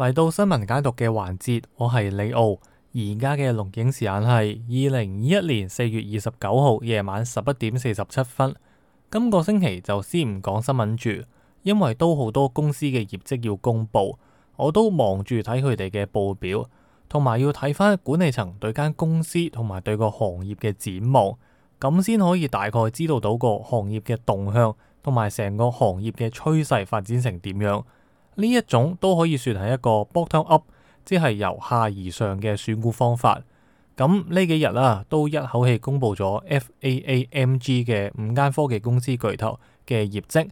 嚟到新聞解讀嘅環節，我係李奧，而家嘅錄影時間係二零二一年四月二十九號夜晚十一點四十七分。今個星期就先唔講新聞住，因為都好多公司嘅業績要公布，我都忙住睇佢哋嘅報表，同埋要睇返管理層對間公司同埋對個行業嘅展望，咁先可以大概知道到個行業嘅動向同埋成個行業嘅趨勢發展成點樣。呢一種都可以算係一個 bottom up，即係由下而上嘅選股方法。咁呢幾日啦、啊，都一口氣公布咗 F A A M G 嘅五間科技公司巨頭嘅業績。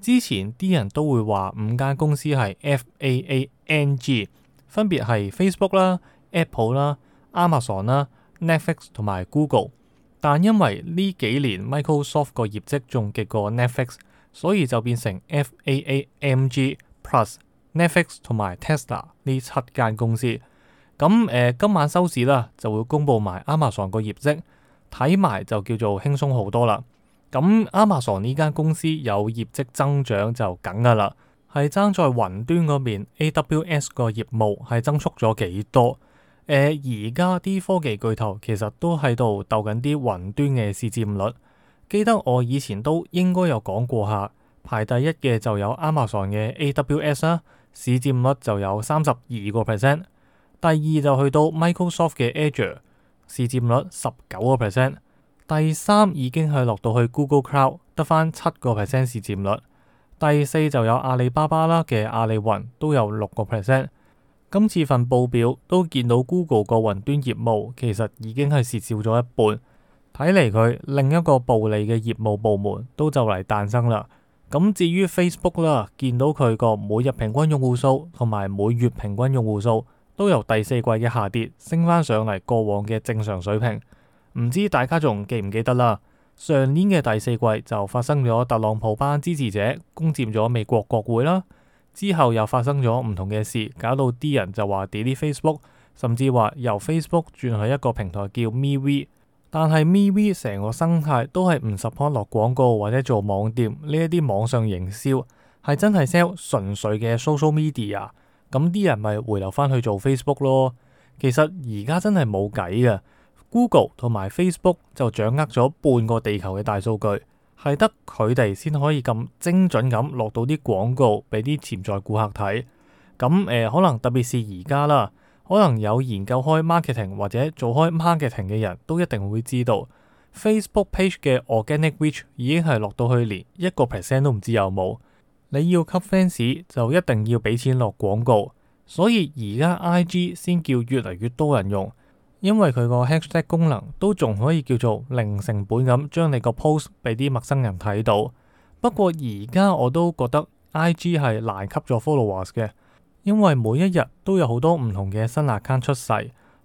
之前啲人都會話五間公司係 F A A N G，分別係 Facebook 啦、Apple 啦、Amazon 啦、Netflix 同埋 Google。但因為呢幾年 Microsoft 個業績仲勁過 Netflix，所以就變成 F A A M G。Plus、Netflix 同埋 Tesla 呢七間公司，咁、嗯、誒、呃、今晚收市啦，就會公布埋 Amazon 個業績，睇埋就叫做輕鬆好多啦。咁、嗯、Amazon 呢間公司有業績增長就梗噶啦，係爭在雲端嗰邊 AWS 個業務係增速咗幾多？誒而家啲科技巨頭其實都喺度鬥緊啲雲端嘅市占率，記得我以前都應該有講過下。排第一嘅就有 Amazon 嘅 AWS 啦、啊，市佔率就有三十二個 percent。第二就去到 Microsoft 嘅 Azure，市佔率十九個 percent。第三已經係落到去 Google Cloud 得返七個 percent 市佔率。第四就有阿里巴巴啦嘅阿里雲都有六個 percent。今次份報表都見到 Google 個雲端業務其實已經係蝕少咗一半，睇嚟佢另一個暴利嘅業務部門都就嚟誕生啦。咁至於 Facebook 啦，見到佢個每日平均用戶數同埋每月平均用戶數，都由第四季嘅下跌升翻上嚟過往嘅正常水平。唔知大家仲記唔記得啦？上年嘅第四季就發生咗特朗普班支持者攻佔咗美國國會啦，之後又發生咗唔同嘅事，搞到啲人就話 delete Facebook，甚至話由 Facebook 轉去一個平台叫 MeWe。但係 MeWe 成個生態都係唔 support 落廣告或者做網店呢一啲網上營銷，係真係 sell 純粹嘅 social media。咁啲人咪回流翻去做 Facebook 咯。其實而家真係冇計嘅，Google 同埋 Facebook 就掌握咗半個地球嘅大數據，係得佢哋先可以咁精準咁落到啲廣告俾啲潛在顧客睇。咁誒、呃，可能特別是而家啦。可能有研究開 marketing 或者做開 marketing 嘅人都一定會知道，Facebook page 嘅 organic reach 已經係落到去年一個 percent 都唔知有冇。你要吸 fans 就一定要俾錢落廣告，所以而家 IG 先叫越嚟越多人用，因為佢個 hashtag 功能都仲可以叫做零成本咁將你個 post 俾啲陌生人睇到。不過而家我都覺得 IG 係難吸咗 followers 嘅。因為每一日都有好多唔同嘅新 account 出世，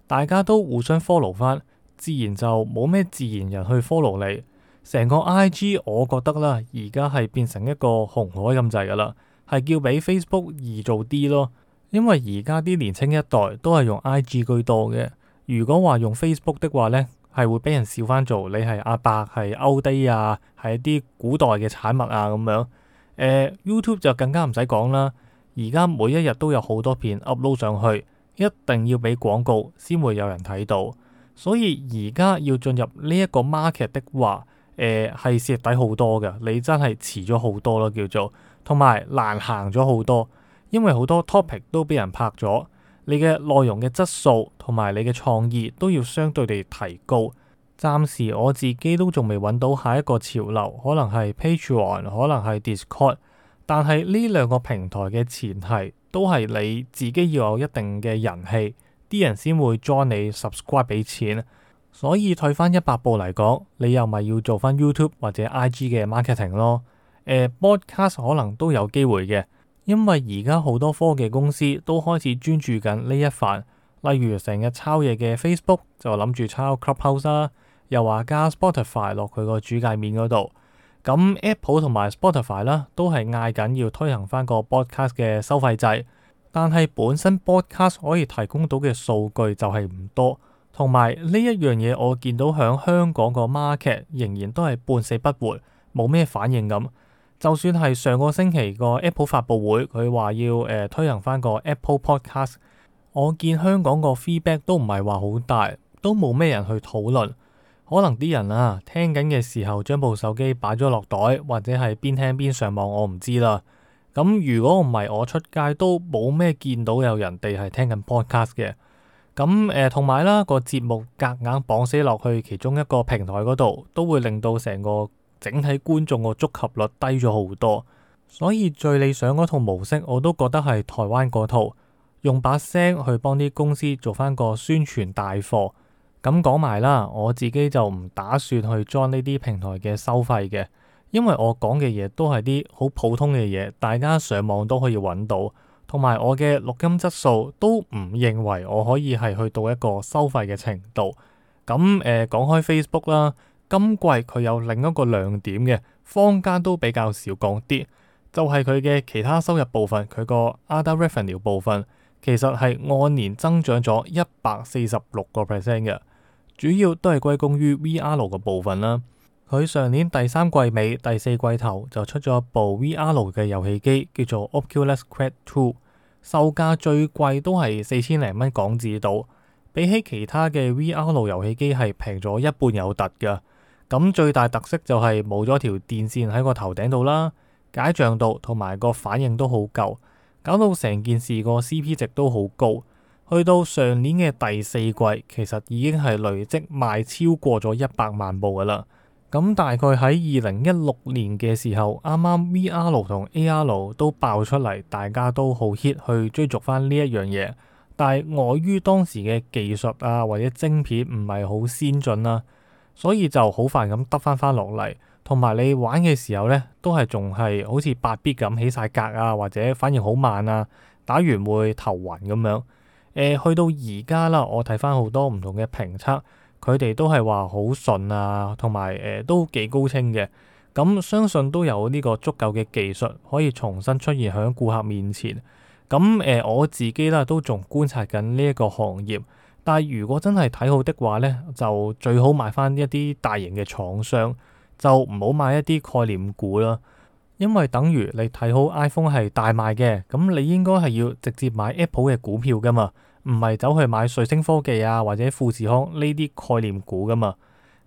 大家都互相 follow 翻，自然就冇咩自然人去 follow 你。成個 IG，我覺得啦，而家係變成一個紅海咁滯噶啦，係叫比 Facebook 易做啲咯。因為而家啲年青一代都係用 IG 居多嘅。如果話用 Facebook 的話呢，係會俾人笑翻做你係阿伯，係 out d 啊，係一啲古代嘅產物啊咁樣。誒，YouTube 就更加唔使講啦。而家每一日都有好多片 upload 上去，一定要俾廣告先會有人睇到，所以而家要進入呢一個 market 的話，誒係蝕底好多嘅。你真係遲咗好多囉，叫做同埋難行咗好多，因為好多 topic 都俾人拍咗，你嘅內容嘅質素同埋你嘅創意都要相對地提高。暫時我自己都仲未揾到下一個潮流，可能係 Patreon，可能係 Discord。但係呢兩個平台嘅前提都係你自己要有一定嘅人氣，啲人先會 join 你 subscribe 俾錢。所以退翻一百步嚟講，你又咪要做翻 YouTube 或者 IG 嘅 marketing 咯，呃，podcast 可能都有機會嘅，因為而家好多科技公司都開始專注緊呢一範。例如成日抄嘢嘅 Facebook 就諗住抄 Clubhouse 啊，又話加 Spotify 落佢個主界面嗰度。咁 Apple 同埋 Spotify 啦，都係嗌緊要推行翻個 Podcast 嘅收費制，但係本身 Podcast 可以提供到嘅數據就係唔多，同埋呢一樣嘢我見到響香港個 market 仍然都係半死不活，冇咩反應咁。就算係上個星期個 Apple 發布會，佢話要誒、呃、推行翻個 Apple Podcast，我見香港個 feedback 都唔係話好大，都冇咩人去討論。可能啲人啊，聽緊嘅時候將部手機擺咗落袋，或者係邊聽邊上網，我唔知啦。咁如果唔係，我出街都冇咩見到有人哋係聽緊 podcast 嘅。咁誒，同埋啦，個節目夾硬綁死落去其中一個平台嗰度，都會令到成個整體觀眾個觸及率低咗好多。所以最理想嗰套模式，我都覺得係台灣嗰套，用把聲去幫啲公司做翻個宣傳大貨。咁講埋啦，我自己就唔打算去 join 呢啲平台嘅收費嘅，因為我講嘅嘢都係啲好普通嘅嘢，大家上網都可以揾到，同埋我嘅錄音質素都唔認為我可以係去到一個收費嘅程度。咁、嗯、誒、講、呃、開 Facebook 啦，今季佢有另一個亮點嘅，坊間都比較少講啲，就係佢嘅其他收入部分，佢個 Other Revenue 部分，其實係按年增長咗一百四十六個 percent 嘅。主要都係歸功於 VR 路嘅部分啦。佢上年第三季尾、第四季頭就出咗部 VR 路嘅遊戲機，叫做 Oculus Quest 2，售價最貴都係四千零蚊港紙度。比起其他嘅 VR 路遊戲機係平咗一半有突㗎。咁最大特色就係冇咗條電線喺個頭頂度啦，解像度同埋個反應都好夠，搞到成件事個 CP 值都好高。去到上年嘅第四季，其實已經係累積賣超過咗一百萬部㗎啦。咁大概喺二零一六年嘅時候，啱啱 V R 同 A R 都爆出嚟，大家都好 hit 去追逐翻呢一樣嘢。但係礙於當時嘅技術啊，或者晶片唔係好先進啦、啊，所以就好快咁得翻翻落嚟。同埋你玩嘅時候呢，都係仲係好似八 bit 咁起晒格啊，或者反應好慢啊，打完會頭暈咁樣。誒、呃、去到而家啦，我睇翻好多唔同嘅評測，佢哋都係話好順啊，同埋誒都幾高清嘅。咁、嗯、相信都有呢個足夠嘅技術可以重新出現喺顧客面前。咁、嗯、誒、呃、我自己啦，都仲觀察緊呢一個行業，但係如果真係睇好的話呢，就最好買翻一啲大型嘅廠商，就唔好買一啲概念股啦。因為等於你睇好 iPhone 係大賣嘅，咁你應該係要直接買 Apple 嘅股票噶嘛。唔係走去買瑞星科技啊，或者富士康呢啲概念股噶嘛。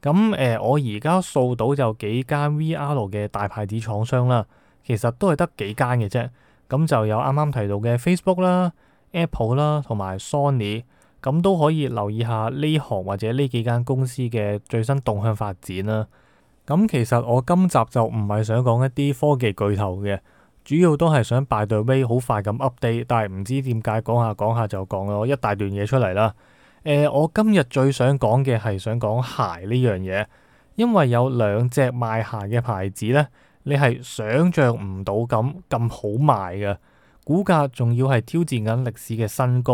咁誒、呃，我而家掃到就幾間 VR 嘅大牌子廠商啦，其實都係得幾間嘅啫。咁就有啱啱提到嘅 Facebook 啦、Apple 啦同埋 Sony，咁都可以留意下呢行或者呢幾間公司嘅最新動向發展啦。咁其實我今集就唔係想講一啲科技巨頭嘅。主要都係想 by the way，好快咁 update，但係唔知點解講下講下就講咗一大段嘢出嚟啦。誒、呃，我今日最想講嘅係想講鞋呢樣嘢，因為有兩隻賣鞋嘅牌子，呢，你係想象唔到咁咁好賣嘅，股價仲要係挑戰緊歷史嘅新高。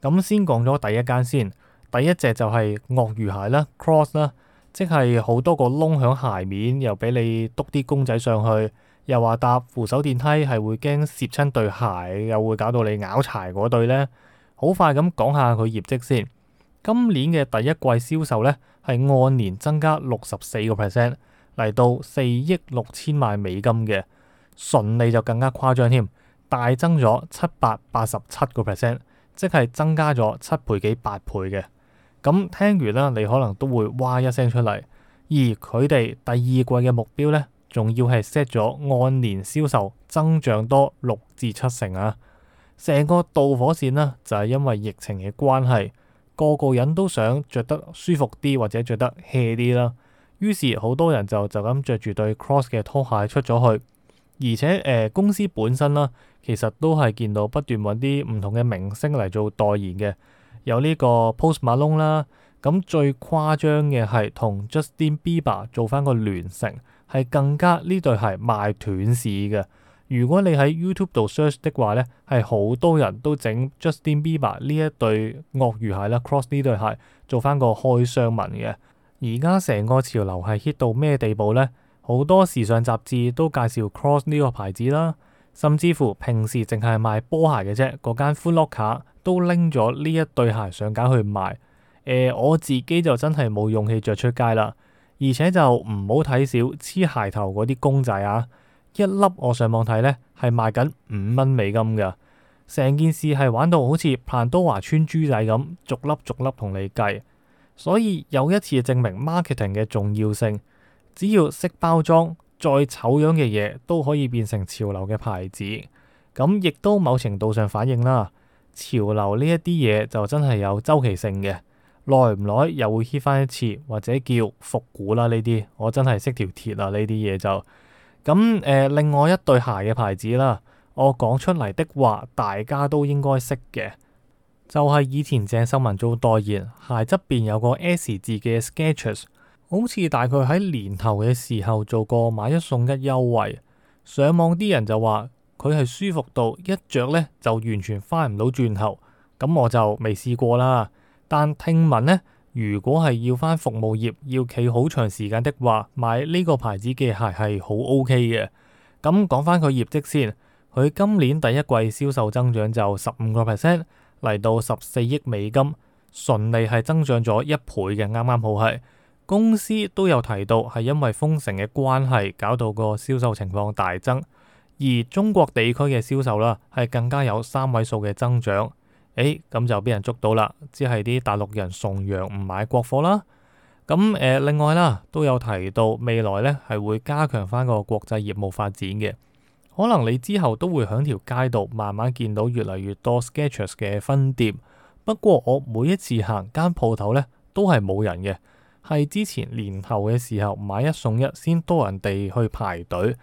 咁、嗯、先講咗第一間先，第一隻就係鱷魚鞋啦，Crocs 啦，即係好多個窿響鞋面，又俾你篤啲公仔上去。又話搭扶手電梯係會驚攝親對鞋，又會搞到你拗柴嗰對咧。好快咁講下佢業績先。今年嘅第一季銷售呢，係按年增加六十四個 percent，嚟到四億六千萬美金嘅，純利就更加誇張添，大增咗七百八十七個 percent，即係增加咗七倍幾八倍嘅。咁聽完啦，你可能都會嘩一聲出嚟。而佢哋第二季嘅目標呢？仲要係 set 咗按年銷售增長多六至七成啊！成個導火線呢，就係因為疫情嘅關係，個個人都想着得舒服啲或者着得 hea 啲啦。於是好多人就就咁着住對 cross 嘅拖鞋出咗去，而且誒、呃、公司本身啦，其實都係見到不斷揾啲唔同嘅明星嚟做代言嘅，有呢個 Post Malone 啦。咁最誇張嘅係同 Justin Bieber 做翻個聯乘，係更加呢對鞋賣斷市嘅。如果你喺 YouTube 度 search 的話呢係好多人都整 Justin Bieber 呢一對鱷魚鞋啦，Cross 呢對鞋做翻個開箱文嘅。而家成個潮流係 hit 到咩地步呢？好多時尚雜誌都介紹 Cross 呢個牌子啦，甚至乎平時淨係賣波鞋嘅啫，嗰間 Foot Locker 都拎咗呢一對鞋上街去賣。呃、我自己就真係冇勇氣着出街啦，而且就唔好睇少黐鞋頭嗰啲公仔啊！一粒我上網睇呢，係賣緊五蚊美金嘅，成件事係玩到好似彭多華村豬仔咁，逐粒逐粒同你計。所以有一次證明 marketing 嘅重要性，只要識包裝，再醜樣嘅嘢都可以變成潮流嘅牌子。咁亦都某程度上反映啦，潮流呢一啲嘢就真係有周期性嘅。耐唔耐又會 hit 翻一次，或者叫復古啦呢啲，我真係識條鐵啊，呢啲嘢就咁誒、呃。另外一對鞋嘅牌子啦，我講出嚟的話大家都應該識嘅，就係、是、以前鄭秀文做代言，鞋側邊有個 S 字嘅 Skechers 好似大概喺年頭嘅時候做過買一送一優惠。上網啲人就話佢係舒服到一着呢就完全翻唔到轉頭，咁我就未試過啦。但聽聞呢，如果係要返服務業，要企好長時間的話，買呢個牌子嘅鞋係好 OK 嘅。咁講返佢業績先，佢今年第一季銷售增長就十五個 percent，嚟到十四億美金，純利係增長咗一倍嘅，啱啱好係。公司都有提到係因為封城嘅關係，搞到個銷售情況大增，而中國地區嘅銷售啦，係更加有三位數嘅增長。誒咁就俾人捉到啦，只係啲大陸人崇洋唔買國貨啦。咁、呃、誒另外啦，都有提到未來呢係會加強翻個國際業務發展嘅，可能你之後都會喺條街度慢慢見到越嚟越多 Sketchers 嘅分店。不過我每一次行間鋪頭呢都係冇人嘅，係之前年後嘅時候，買一送一先多人哋去排隊。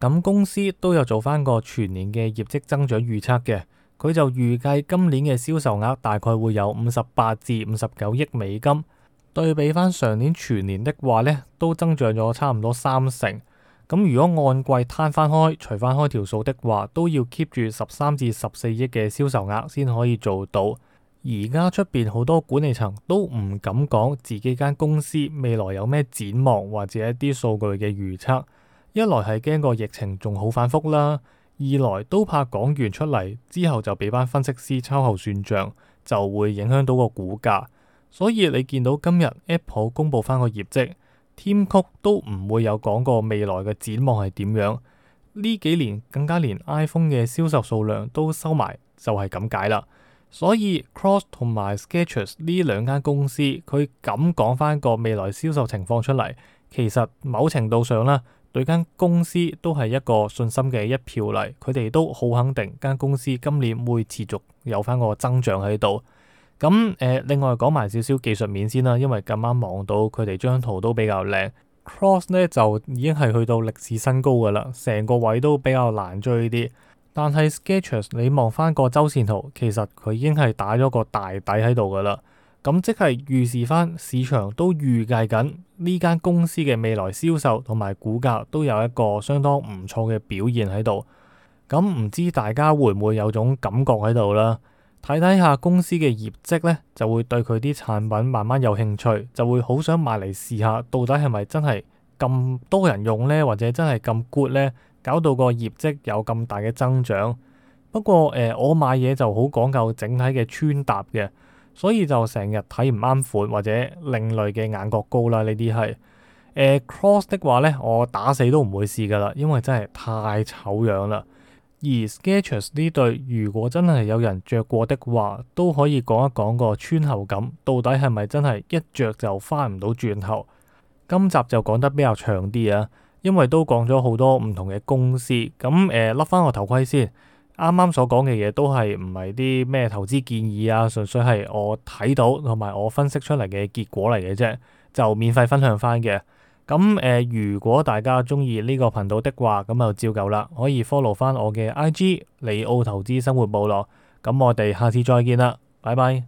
咁公司都有做翻個全年嘅業績增長預測嘅。佢就預計今年嘅銷售額大概會有五十八至五十九億美金，對比翻上年全年的話咧，都增長咗差唔多三成。咁如果按季攤翻開，除翻開條數的話，都要 keep 住十三至十四億嘅銷售額先可以做到。而家出邊好多管理層都唔敢講自己間公司未來有咩展望或者一啲數據嘅預測，一來係驚個疫情仲好反覆啦。二來都怕講完出嚟之後就俾班分析師秋後算賬，就會影響到個股價。所以你見到今日 Apple 公布翻個業績，Tim Cook 都唔會有講過未來嘅展望係點樣。呢幾年更加連 iPhone 嘅銷售數量都收埋，就係咁解啦。所以 Crocs 同埋 Skechers 呢兩間公司，佢咁講翻個未來銷售情況出嚟，其實某程度上呢。對間公司都係一個信心嘅一票嚟，佢哋都好肯定間公司今年會持續有翻個增長喺度。咁誒、呃，另外講埋少少技術面先啦，因為咁啱望到佢哋張圖都比較靚，Cross 咧就已經係去到歷史新高噶啦，成個位都比較難追啲。但係 Sketchers，你望翻個周線圖，其實佢已經係打咗個大底喺度噶啦。咁即係預示翻市場都預計緊呢間公司嘅未來銷售同埋股價都有一個相當唔錯嘅表現喺度。咁唔知大家會唔會有種感覺喺度啦？睇睇下公司嘅業績呢，就會對佢啲產品慢慢有興趣，就會好想買嚟試下，到底係咪真係咁多人用呢，或者真係咁 good 呢，搞到個業績有咁大嘅增長。不過誒、呃，我買嘢就好講究整體嘅穿搭嘅。所以就成日睇唔啱款或者另類嘅眼角高啦，呢啲係誒 Crocs 的話呢，我打死都唔會試噶啦，因為真係太醜樣啦。而 Skechers 呢對，如果真係有人着過的話，都可以講一講個穿後感，到底係咪真係一着就翻唔到轉頭？今集就講得比較長啲啊，因為都講咗好多唔同嘅公司。咁、嗯、誒，笠、呃、翻我頭盔先。啱啱所講嘅嘢都係唔係啲咩投資建議啊，純粹係我睇到同埋我分析出嚟嘅結果嚟嘅啫，就免費分享翻嘅。咁誒、呃，如果大家中意呢個頻道的話，咁就照舊啦，可以 follow 翻我嘅 IG 利奧投資生活部落。咁我哋下次再見啦，拜拜。